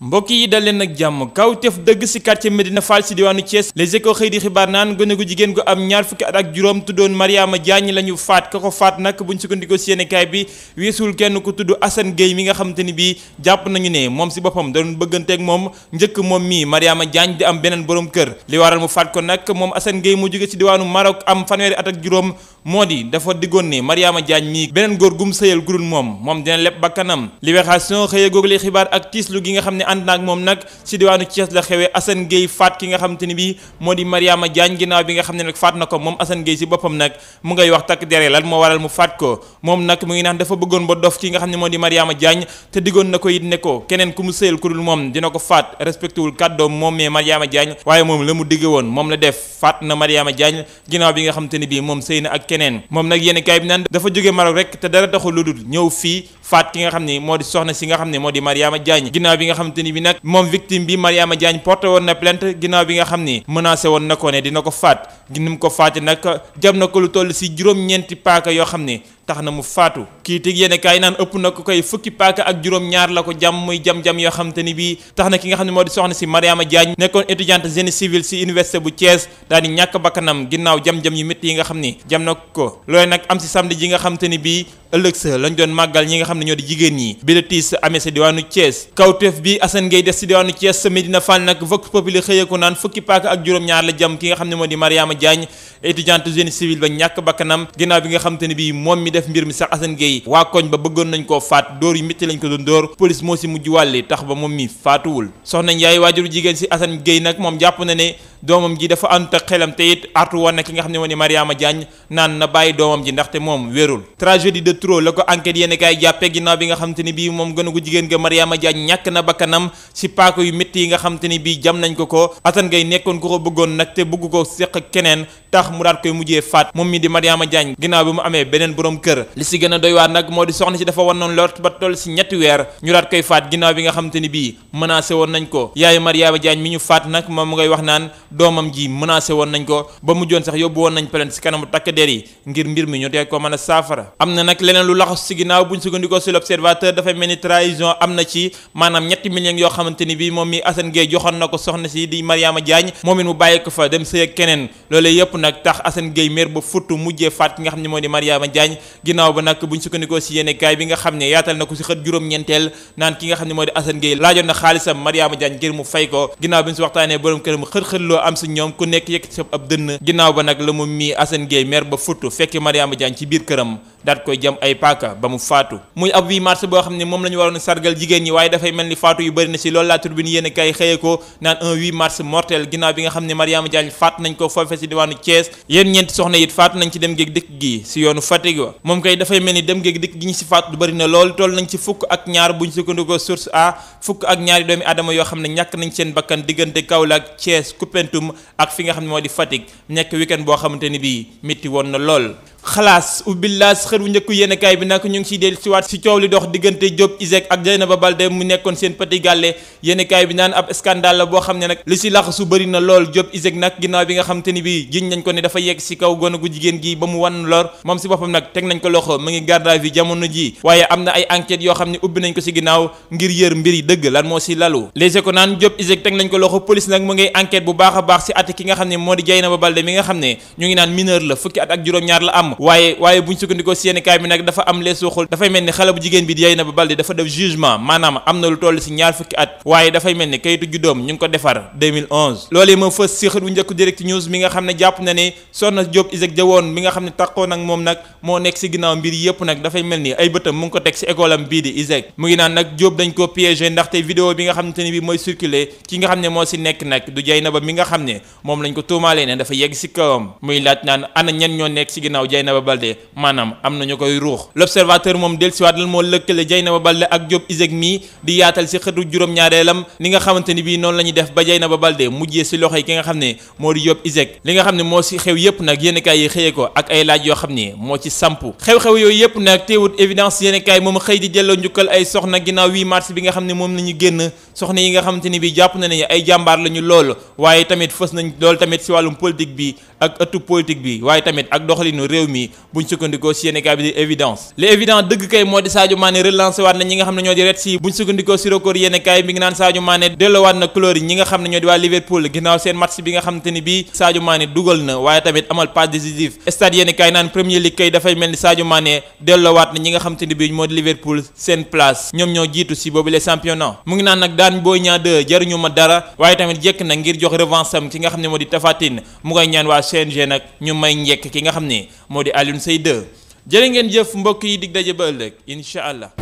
mbokk yi dal leen ak jàmm kawteef dëgg si quartier Medina Fall si diwaanu Thiès les échos xëy di xibaar naan gone gu jigéen gu am ñaar fukki at ak juróom tuddoon Mariama Diagne la ñu faat ka ko faat nag buñ sukkandikoo si yéenekaay bi weesul kenn ku tudd Assane Gueye mi nga xamante ni bii jàpp nañu ne moom si boppam da doon bëgganteek moom njëkk moom mii Mariama Diagne di am beneen borom kër li waral mu faat ko nag moom Assane Gueye mu jóge si diwaanu Maroc am fanweeri at ak juróom moo di dafa diggoon ne Mariama Diagne mii beneen góor gum sëyal gurul moom moom dina lépp bakkanam libération xëye googu li xibaar ak tiislu gi nga xam ne ànd naak moom nag ci diwaanu Thiès la xewee ki nga xam te ni bi moo di Mariama Diagne ginnaaw bi nga xam ne nag faat na ko moom Assane Gueye ci boppam nag mu ngay wax takk dere lan moo waral mu faat ko moom nag mu ngi naan dafa bëggoon ba dof ki nga xam ne moo di Mariama Diagne te diggoon na ko it ne ko keneen ku mu sëyal ku dul moom dina ko faat respecté wul kàddoom moom mais Mariama Diagne waaye moom la mu digge woon moom la def faat na Mariama Diagne ginnaaw bi nga xam te ne bii moom sëy na ak keneen moom nag yéen kaay bi naan dafa jóge Maroc rek te dara taxul lu dul ñëw fii faat ki nga xam ne moo di soxna si nga xam ne moo di Mariama Diagne ginnaaw bi nga xam te ne bi nag moom victime bi Mariama Diagne porté woon na plant ginnaaw bi nga xam ni menacé woon na ko ne dina ko faat ni ko faate nag jam na ko lu toll si juróom-ñeenti paaka yoo xam ne tax na mu faatu kii tig yéene kaay naan ëpp na ko koy fukki paaka ak juróom-ñaar la ko jam muy jam-jam yoo xam te ni tax na ki nga xam ne moo di soxna si Mariama Diagne nekkoon étudiante génie civil si université bu Thiès daal ñàkk bakkanam ginnaaw jam-jam yu métti yi nga xam ni jam na ko loolee nag am si samedi ji nga xam te ni ëllëg sa lañ doon màggal ñi nga xam ne ñoo di jigéen ñi bi la tiis amee sa diwaanu Thiès kawteef bi Assane Gueye des si diwaanu Thiès sa Medina Fall nag Vox Populi xëyee ko naan fukki paak ak juróom-ñaar la jam ki nga xam ne moo di Mariama Diagne étudiante génie civil ba ñàkk bakkanam ginnaaw bi nga xam te ne moom mi def mbir mi sax Assane Gueye waa koñ ba bëggoon nañ koo faat dóor yu métti lañ ko doon dóor police moo si mujj wàlle tax ba moom mi faatuwul soxna si Assane nag moom jàpp na ne doomam ji dafa àndut ak xelam te it artu woon na ki nga xam ne moo di Mariama Diagne naan na bàyyi doomam ji ndaxte moom wérul tragédie de trop la ko enquête yéen kaay jàppee ginnaaw bi nga xam te bii moom gën a gu jigéen ga Mariama Diagne ñàkk na bakkanam si paaka yu métti yi nga xam te ni bii jam nañ ko ko atan ngay nekkoon ku ko bëggoon nag te bëgg ko seq keneen tax mu daat koy mujjee faat moom mi di Mariama Diagne ginnaaw bi mu amee beneen boroom kër li si gën a doy waar nag moo di soxna si dafa wannoon lort ba toll si ñetti weer ñu daat koy faat ginnaaw bi nga xam te ni bii menacé woon nañ ko yaayu Mariama Diagne mi ñu faat nag moom ngay wax naan doomam ji menacé woon nañ ko ba mujjoon sax yóbbu woon nañ plainte si kanamu takk der yi ngir mbir mi ñu teg ko mën a saafara am na nag leneen lu laxas si ginnaaw buñ sukkandikoo si l'observateur dafay mel ni trahison am na ci maanaam ñetti millions yoo xamante ni bi moom mi Assane Gueye joxoon na ko soxna si di Mariama Diagne moom it mu bàyyi ko fa yëpp nag tax Assane Gueye mer ba futt mujjee faat ki nga xam ne moo di Mariama Diagne ginnaaw ba nag buñ sukkandikoo si yéene kaay bi nga xam ne yaatal na ko si xët juróom-ñeenteel naan ki nga xam ne moo di Assane Gueye laajoon na xaalisam Mariama Diagne ngir mu fay ko ginnaaw bi ñu si waxtaanee borom këram xër-xërloo am si ñoom ku nekk yëkkati sa ab dënn ginnaaw ba nag la mu mii Assane Gueye maire ba futtu fekki Mariama Diagne ci biir këram daat koy jam ay paaka ba mu faatu muy ab mars boo xam ne moom la waroon sargal jigéen ñi waaye dafay mel ni faatu yu bëri si loolu laa turbine yéen kay xëye ko naan mars mortel ginnaaw bi nga xam ne Mariama Diagne faatu nañ ko foofe si diwaanu Thiès yéen ñeenti soxna it faatu nañ ci dem géeg dikk gi si yoonu Fatick wa moom kay a Koumpentoum ak fi nga xam ne moo di Fatick nekk week-end boo xamante ni bii métti woon na lool xalaas ubbilaas xër wu njëkku yéenekaay bi nag ñu ngi siy dellusiwaat si coow li dox diggante Diop Iseg ak Dieynaba Balde mu nekkoon seen petit gàlle yéenekaay bi naan ab scandale la boo xam ne nag li si laxasu bëri na lool Diop Iseg nag bi nga xam ni bi jiñ nañ ko ne dafa yegg si kaw gone gu jigéen gi ba mu wan lor moom si boppam nag teg nañ ko loxo mu ngi garde à jamono ji waaye am na ay enquêtes yoo xam ne ubbi nañ ko si ginnaaw ngir yër mbir yi dëgg lan moo si lalu Les Échos naan ko loxo police nag mu ngay enquête bu baax a baax si at ki nga xam ne moo di Dieynaba Balde mi nga xam ne ñu ngi naan mineur la fukki at ak juróom-ñaar la am sàmm waaye waaye buñ sukkandikoo seeni kaay bi nag dafa am lees waxul dafay mel ni xale bu jigéen bi yey na ba balde dafa def jugement maanaam am na lu toll si ñaar fukki at waaye dafay mel ni kayitu juddoom ñu ngi ko defar 2011 loolee moo fës si xët bu njëkk direct news mi nga xam ne jàpp na ne moom nag moo nekk si ginnaaw mbir yëpp nag dafay mel ni ay bëtam mu ngi ko teg si école am bii di Isaac nag Diop nga ne bi mooy circuler ki nga xam ne moo si nekk nag du jay na ba mi nga ne moom lañ ko tuumaalee ne dafa yegg si kawam muy laaj Dieynaba Balde maanaam am na ñu koy ruux l'observateur moom dellusiwaat lan moo lëkkale Dieynaba Balde ak Diop Iseg mii di yaatal si xëtu juróom-ñaareelam li nga xamante ni noonu la ñuy def ba Dieynaba Balde mujjee si loxo yi ki nga xam ne moo di Diop Iseg li nga xam ne moo si xew yépp nag yéenekaay yi samp xew-xew yooyu yépp nag teewut évidence yéenekaay moom xëy di delloo njukkal ay soxna ginnaaw mars bi nga xam ne moom la ñu génn soxna yi nga xamante ni bi jàpp na ne ay jàmbaar la ñu lool waaye tamit fës nañ lool tamit mi buñ sukkandikoo si yéene kaay bi di évidence li évident dëgg kay moo di Sadio Mané na ñi nga xam ne ñoo di ret si buñ sukkandikoo si record yéene kaay mi naan Sadio Mané dellowaat na couleur ñi nga xam ne ñoo di waa Liverpool ginnaaw seen match bi nga xam te ni bii Sadio dugal na waaye tamit amal passe décisive stade yéene naan Premier League kay dafay mel ni Sadio Mané dellowaat na ñi nga xam te ni moo di Liverpool moo di Alioune Seye 2 jërë ngeen jëf mbokk yi dig daje ba ëllëg incha allah.